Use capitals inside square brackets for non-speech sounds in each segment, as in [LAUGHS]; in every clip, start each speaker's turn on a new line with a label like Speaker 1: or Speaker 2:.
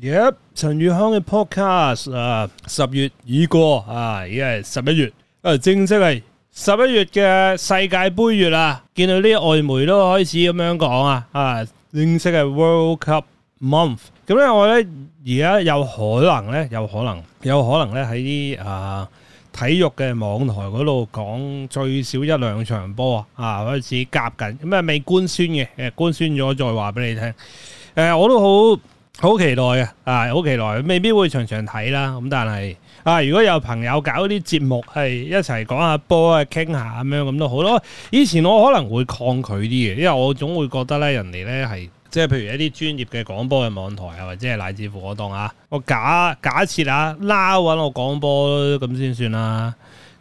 Speaker 1: 耶！陳宇、yep, 康嘅 podcast 啊，十月已過啊，而家係十一月，誒、啊，正式係十一月嘅世界杯月啦、啊。見到啲外媒都開始咁樣講啊，啊，正式係 World Cup Month。咁咧，我咧而家有可能咧，有可能，有可能咧喺啲誒體育嘅網台嗰度講最少一兩場波啊,開始夾緊啊,啊，啊，我哋自己夾緊，咁啊未官宣嘅，誒，官宣咗再話俾你聽。誒，我都好。好期待啊！啊，好期待，未必會常常睇啦。咁但係啊，如果有朋友搞啲節目，係一齊講下波啊，傾下咁樣咁都好咯。以前我可能會抗拒啲嘅，因為我總會覺得咧，人哋咧係即係，譬如一啲專業嘅廣播嘅網台啊，或者係乃至乎我當啊，我假假設啊，拉搵我廣播咁先算啦。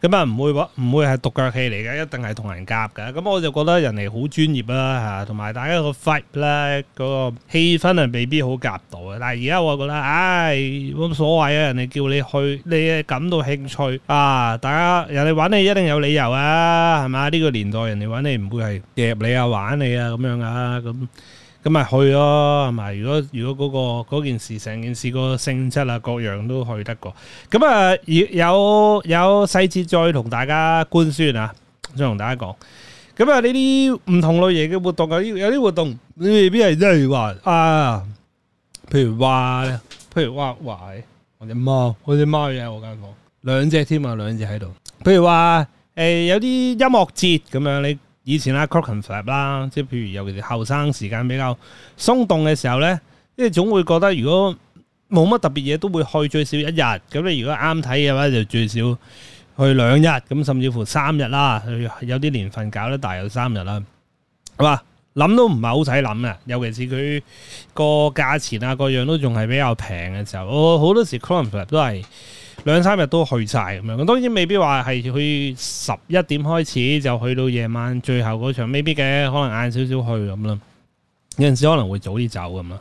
Speaker 1: 咁啊，唔會話，唔會係獨腳戲嚟嘅，一定係同人夾嘅。咁我就覺得人哋好專業、啊、啦，嚇，同埋大家個 fight 咧，嗰個氣氛係，未必好夾到嘅。但係而家我覺得，唉、哎，冇乜所謂啊！人哋叫你去，你感到興趣啊。大家人哋玩你一定有理由啊，係嘛？呢、呢個年代人哋玩你唔會係夾你啊、玩你啊咁樣啊咁。咁咪去咯，係咪？如果如果嗰個嗰件事成件事個性質啊，各樣都去得過。咁啊，有有細節再同大家官宣啊，再同大家講。咁啊，呢啲唔同類型嘅活動有有啲活動，未必係即係話啊。譬如話咧，譬如話喂，我隻貓，我隻貓嘢喺我間房，兩隻添啊，兩隻喺度。譬如話誒，有啲音樂節咁樣你。以前啦 Cockon flap 啦，即係譬如尤其是後生時間比較鬆動嘅時候呢，因為總會覺得如果冇乜特別嘢，都會去最少一日。咁你如果啱睇嘅話，就最少去兩日，咁甚至乎三日啦。有啲年份搞得大，有三日啦。係咪？諗都唔係好使諗呀，尤其是佢個價錢啊，個樣都仲係比較平嘅時候。我好多時 Cockon flap 都係。兩三日都去晒，咁樣，咁當然未必話係去十一點開始就去到夜晚，最後嗰場未必嘅，可能晏少少去咁啦。有陣時可能會早啲走咁啦，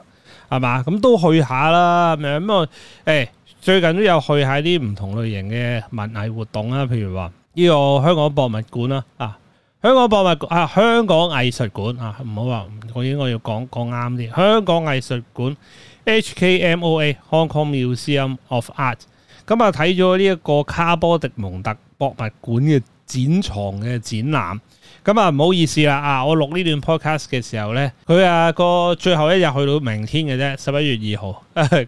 Speaker 1: 係嘛？咁都去下啦咁樣，咁誒，最近都有去下啲唔同類型嘅文藝活動啦，譬如話呢個香港博物館啦啊，香港博物啊香港藝術館啊，唔好話我應該要講講啱啲香港藝術館 H K M O A Hong Kong Museum of Art。咁啊，睇咗呢一個卡波迪蒙特博物館嘅展藏嘅展覽。咁啊，唔好意思啦，啊，我錄呢段 podcast 嘅時候呢，佢啊個最後一日去到明天嘅啫，十一月二號。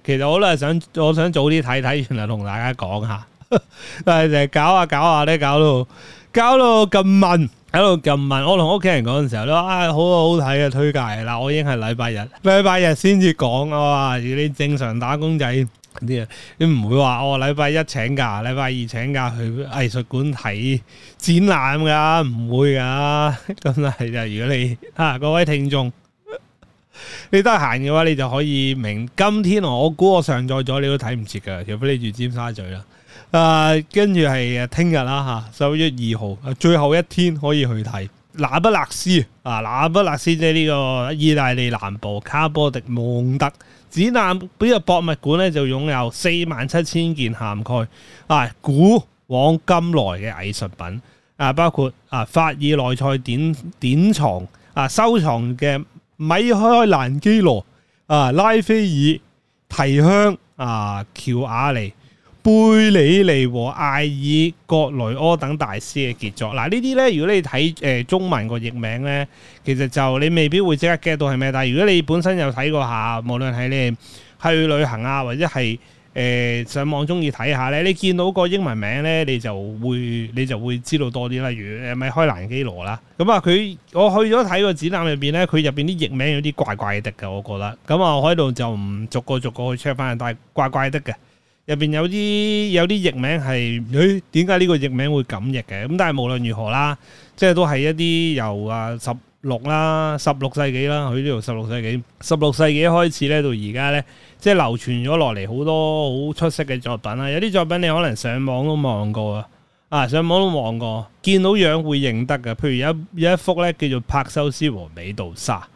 Speaker 1: 其實我都係想，我想早啲睇睇，原來同大家講下。但係成日搞下、啊、搞下、啊、咧、啊，搞到搞到咁悶，喺度咁悶。我同屋企人講嘅時候咧，啊、哎，好好睇嘅推介。嗱，我已經係禮拜日，禮拜日先至講啊。你正常打工仔。啲啊，你唔會話我禮拜一請假，禮拜二請假去藝術館睇展覽噶，唔會噶。真啊係就如果你吓、啊、各位聽眾，你得閒嘅話，你就可以明。今天我估我上載咗，你都睇唔切噶，除非你住尖沙咀啦。誒、啊，跟住係聽日啦吓，十一月二號最後一天可以去睇那不勒斯啊，那不勒斯即係呢個意大利南部卡波迪蒙特。指南畀個博物館咧，就擁有四萬七千件，涵蓋啊古往今來嘅藝術品啊，包括啊法爾內塞典典藏啊收藏嘅米開蘭基羅啊、拉斐爾、提香啊、喬瓦尼。貝里尼和艾爾格雷柯等大師嘅傑作，嗱呢啲咧，如果你睇誒、呃、中文個譯名咧，其實就你未必會即刻 get 到係咩，但係如果你本身有睇過下，無論係你去旅行啊，或者係誒、呃、上網中意睇下咧，你見到個英文名咧，你就會你就會知道多啲，例如誒咪、呃、開蘭基羅啦，咁啊佢我去咗睇個展覽入邊咧，佢入邊啲譯名有啲怪怪的嘅，我覺得，咁、嗯、啊我喺度就唔逐個逐個去 check 翻，但係怪怪得嘅。入邊有啲有啲譯名係，誒、哎，點解呢個譯名會咁譯嘅？咁但係無論如何啦，即係都係一啲由啊十六啦，十六世紀啦，佢呢度十六世紀，十六世紀開始咧到而家咧，即係流傳咗落嚟好多好出色嘅作品啦。有啲作品你可能上網都望過啊，啊，上網都望過，見到樣會認得嘅。譬如有一有一幅咧叫做《帕修斯和美杜莎》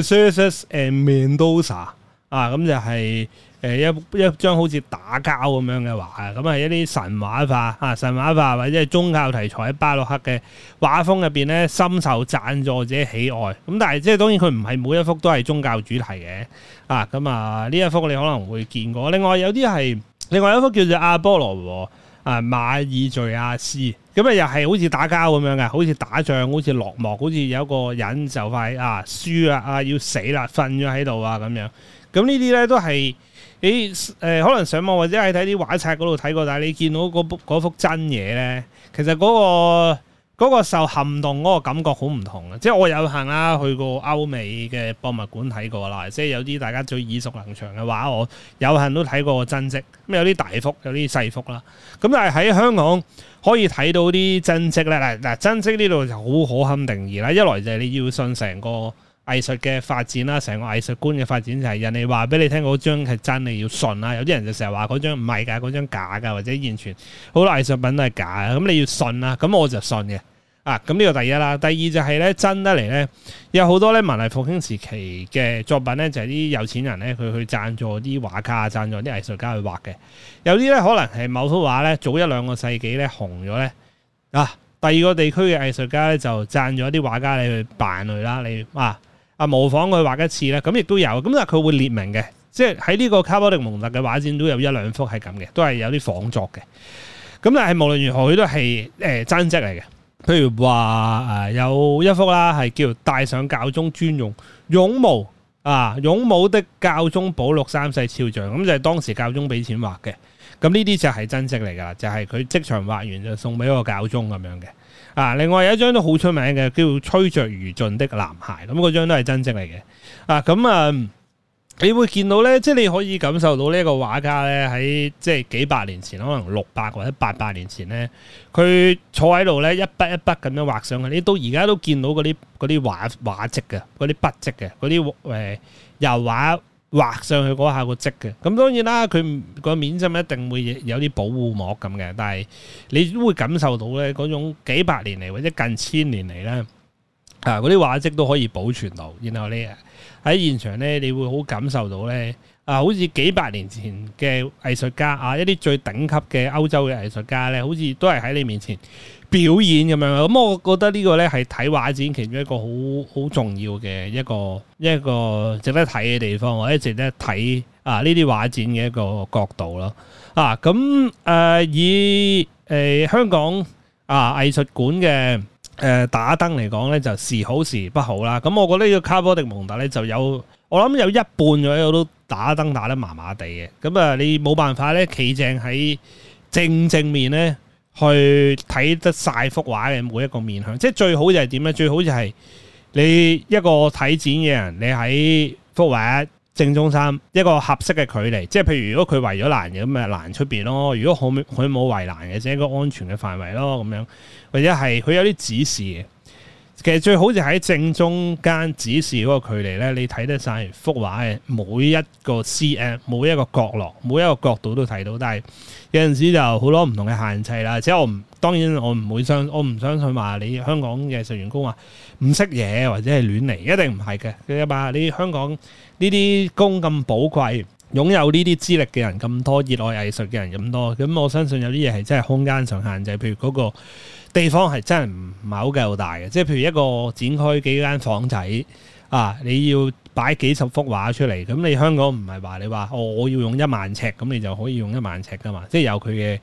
Speaker 1: ，Perseus and Medusa 啊，咁就係、是。誒、欸、一一張好似打交咁樣嘅畫啊，咁啊係一啲神話化啊，神話化或者係宗教題材巴洛克嘅畫風入邊咧，深受贊助者喜愛。咁、嗯、但係即係當然佢唔係每一幅都係宗教主題嘅啊。咁啊呢一幅你可能會見過。另外有啲係另外一幅叫做阿波羅和啊馬爾敍亞斯，咁、嗯、啊又係好似打交咁樣嘅，好似打仗，好似落寞，好似有一個人就快啊輸啦啊要死啦，瞓咗喺度啊咁樣。咁、啊、呢啲咧都係。你誒可能上網或者喺睇啲畫冊嗰度睇過，但係你見到嗰幅嗰幅真嘢咧，其實嗰、嗰個嗰個受撼動嗰個感覺好唔同嘅。即係我有幸啊去過歐美嘅博物館睇過啦，即係有啲大家最耳熟能詳嘅畫，我有幸都睇過真跡。咁有啲大幅，有啲細幅啦。咁但係喺香港可以睇到啲真跡咧，嗱嗱真跡呢度就好可堪定義啦。一來就係你要相信成個。藝術嘅發展啦，成個藝術觀嘅發展就係人哋話俾你聽嗰張係真，你要信啦。有啲人就成日話嗰張唔係噶，嗰張假噶，或者完全好多藝術品都係假嘅。咁你要信啦。咁我就信嘅。啊，咁呢個第一啦。第二就係咧，真得嚟咧，有好多咧文藝復興時期嘅作品咧，就係啲有錢人咧，佢去贊助啲畫家，贊助啲藝術家去畫嘅。有啲咧可能係某幅畫咧，早一兩個世紀咧紅咗咧。啊，第二個地區嘅藝術家咧就贊助一啲畫家你去扮佢啦，你啊。啊、模仿佢畫一次咧，咁亦都有，咁但係佢會列明嘅，即係喺呢個卡波迪蒙特嘅畫展都有一兩幅係咁嘅，都係有啲仿作嘅。咁但係無論如何，佢都係誒、呃、真跡嚟嘅。譬如話誒、啊、有一幅啦，係叫戴上教宗專用勇武啊，勇武的教宗保祿三世肖像，咁就係當時教宗俾錢畫嘅。咁呢啲就係真跡嚟㗎喇，就係、是、佢即場畫完就送俾嗰個教宗咁樣嘅。啊！另外有一張都好出名嘅，叫吹着如盡的男孩，咁嗰張都係真跡嚟嘅。啊，咁、嗯、啊，你會見到咧，即係你可以感受到呢一個畫家咧，喺即係幾百年前，可能六百或者八百年前咧，佢坐喺度咧，一筆一筆咁樣畫上去。你到而家都見到嗰啲啲畫畫跡嘅，嗰啲筆跡嘅，嗰啲誒油畫。畫畫上去嗰下個迹嘅，咁當然啦，佢個面針一定會有啲保護膜咁嘅，但係你都會感受到咧嗰種幾百年嚟或者近千年嚟咧，啊嗰啲畫跡都可以保存到，然後你喺現場咧，你會好感受到咧。啊，好似幾百年前嘅藝術家啊，一啲最頂級嘅歐洲嘅藝術家咧，好似都係喺你面前表演咁樣。咁、嗯、我覺得呢個咧係睇畫展其中一個好好重要嘅一個一個值得睇嘅地方，或者值得睇啊呢啲畫展嘅一個角度咯。啊，咁、嗯、誒、呃、以誒、呃、香港啊藝術館嘅誒、呃、打燈嚟講咧，就時好時不好啦。咁、啊嗯、我覺得呢個卡波迪蒙特咧就有。我諗有一半左右都打燈打得麻麻地嘅。咁啊你冇辦法咧，企正喺正正面咧去睇得晒幅畫嘅每一個面向，即係最好就係點咧？最好就係你一個睇展嘅人，你喺幅畫正中心一個合適嘅距離，即係譬如如果佢圍咗欄嘅咁啊，欄出邊咯；如果佢冇圍欄嘅，即係一個安全嘅範圍咯，咁樣或者係佢有啲指示嘅。其實最好就喺正中間指示嗰個距離咧，你睇得晒幅畫嘅每一個 cm、每一個角落、每一個角度都睇到，但係有陣時就好多唔同嘅限制啦。即係我唔，當然我唔會相，我唔相信話你香港嘅藝術員工話唔識嘢或者係亂嚟，一定唔係嘅，明白？你香港呢啲工咁寶貴。擁有呢啲資歷嘅人咁多，熱愛藝術嘅人咁多，咁我相信有啲嘢係真係空間上限制，譬如嗰個地方係真係唔係好夠大嘅，即係譬如一個展開幾間房仔啊，你要擺幾十幅畫出嚟，咁你香港唔係話你話我、哦、我要用一萬尺，咁你就可以用一萬尺噶嘛，即係有佢嘅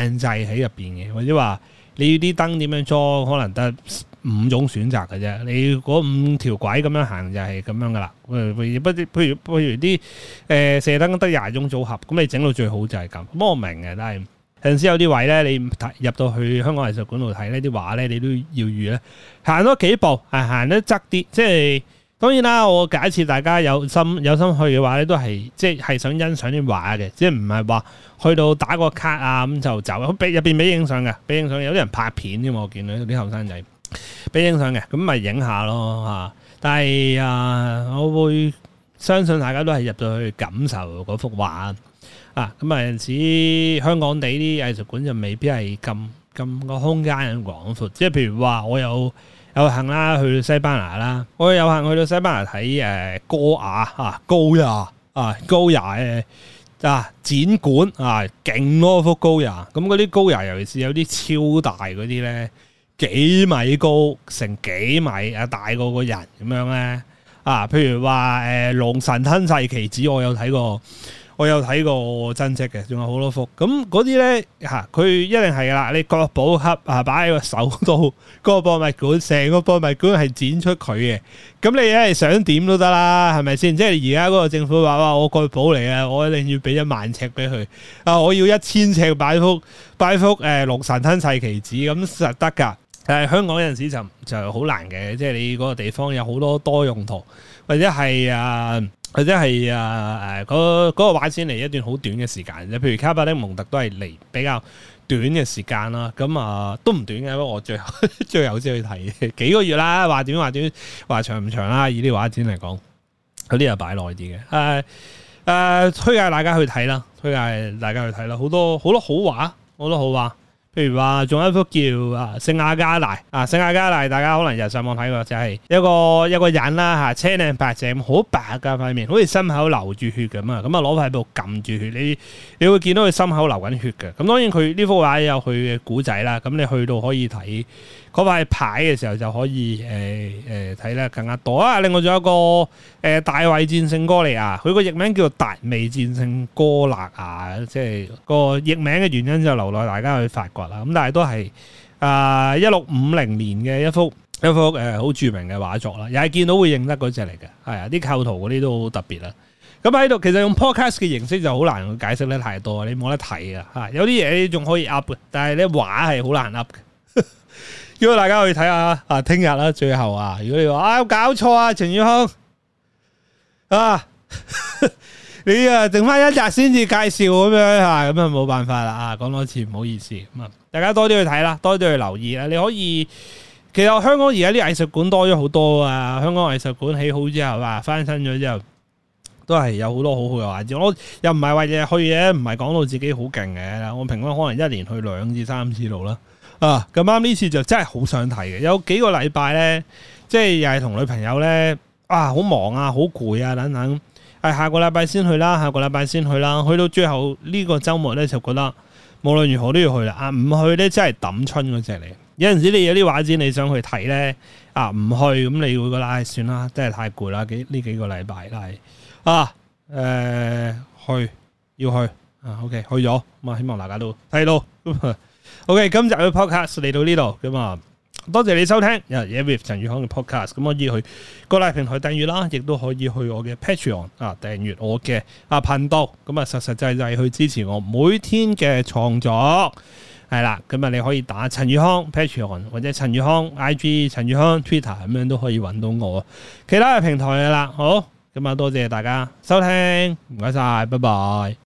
Speaker 1: 限制喺入邊嘅，或者話你要啲燈點樣裝，可能得。五種選擇嘅啫，你嗰五條軌咁樣行就係咁樣噶啦。不如不如不如啲誒、呃、射燈得廿種組合，咁你整到最好就係咁。我明嘅，但係有陣時有啲位咧，你入到去香港藝術館度睇呢啲畫咧，你都要預咧。行多幾步係行得側啲，即係當然啦。我假設大家有心有心去嘅話咧，都係即係想欣賞啲畫嘅，即係唔係話去到打個卡啊咁就走。入邊俾影相嘅，俾影相有啲人拍片添。我見到啲後生仔。俾影相嘅，咁咪影下咯嚇。但係啊、呃，我會相信大家都係入到去感受嗰幅畫啊。咁啊，有陣時香港地啲藝術館就未必係咁咁個空間咁廣闊。即係譬如話，我有有幸啦去到西班牙啦，我有幸去到西班牙睇誒高雅啊，高雅啊，高雅嘅啊展館啊，勁多幅高雅。咁嗰啲高雅，尤其是有啲超大嗰啲咧。幾米高，成幾米啊，大過個人咁樣咧啊！譬如話誒，龍神吞晒棋子，我有睇過，我有睇過真跡嘅，仲有好多幅。咁嗰啲咧吓，佢一定係噶啦。你國寶級啊，擺喺個手度，國博物館，成個博物館係展出佢嘅。咁你誒想點都得啦，係咪先？即係而家嗰個政府話哇我國寶嚟啊，我一定要俾一萬尺俾佢啊，我要一千尺擺幅擺幅誒，龍神吞晒棋子咁實得噶。誒，但香港有陣時就就好難嘅，即、就、係、是、你嗰個地方有好多多用途，或者係啊，或者係啊，誒、呃，嗰、那、嗰個畫展嚟，一段好短嘅時間，即譬如卡波迪蒙特都係嚟比較短嘅時間啦，咁啊、呃、都唔短嘅，不過我最後呵呵最後先去睇幾個月啦，話短話短話長唔長啦？以啲畫展嚟講，嗰啲又擺耐啲嘅，誒、呃、誒、呃，推介大家去睇啦，推介大家去睇啦，好多好多好畫，好多好畫。譬如話仲有一幅叫聖亞啊，聖亞加達啊，聖亞加達，大家可能又上網睇過，就係、是、一個一個人啦吓、啊，青靚白淨，好白嘅塊、啊、面，好似心口流住血咁啊，咁啊攞塊布撳住血，你你會見到佢心口流緊血嘅。咁、啊、當然佢呢幅畫有佢嘅古仔啦，咁你去到可以睇嗰塊牌嘅時候，就可以誒誒睇得更加多啊。另外仲有一個誒、欸、大衛戰勝哥利亞，佢個譯名叫做大衛戰勝哥納亞，即係個譯名嘅原因就留落大家去發掘。咁但係都係啊、呃，一六五零年嘅一幅一幅誒，好、呃、著名嘅畫作啦，又係見到會認得嗰隻嚟嘅，係啊，啲構圖嗰啲都好特別啦。咁喺度，其實用 podcast 嘅形式就好難解釋得太多，你冇得睇噶吓，有啲嘢你仲可以 up，但係咧畫係好難 up 呵呵。如果大家可以睇下啊，聽日啦，最後啊，如果你話啊有搞錯啊，程宇康啊。呵呵你啊，剩翻一日先至介紹咁樣吓，咁啊冇辦法啦啊！講多次唔好意思，咁啊，大家多啲去睇啦，多啲去留意啦。你可以，其實香港而家啲藝術館多咗好多啊！香港藝術館起好之後啊，翻新咗之後，都係有好多好好嘅位置。我又唔係話日日去嘅，唔係講到自己好勁嘅，我平均可能一年去兩至三次度啦。啊，咁啱呢次就真係好想睇嘅，有幾個禮拜咧，即係又係同女朋友咧，啊，好忙啊，好攰啊，等等。係下個禮拜先去啦，下個禮拜先去啦。去到最後呢個周末呢，就覺得無論如何都要去啦。啊，唔去呢，真係抌春嗰隻嚟。有陣時你有啲畫展你想去睇呢？啊唔去咁你會覺得唉算啦，真係太攰啦。幾呢幾個禮拜都係啊，誒、呃、去要去啊。OK，去咗，咁啊，希望大家都睇到。 [LAUGHS] OK，今日嘅 podcast 嚟到呢度咁啊。嗯多謝你收聽。誒，也 with 陳宇康嘅 Podcast，咁可以去各大平台訂閱啦，亦都可以去我嘅 Patreon 啊訂閱我嘅啊頻道，咁啊實實際際去支持我每天嘅創作係啦。咁啊，你可以打陳宇康 Patreon 或者陳宇康 IG 陳宇康 Twitter 咁樣都可以揾到我。其他嘅平台嘅啦，好咁啊，多謝大家收聽，唔該晒，拜拜。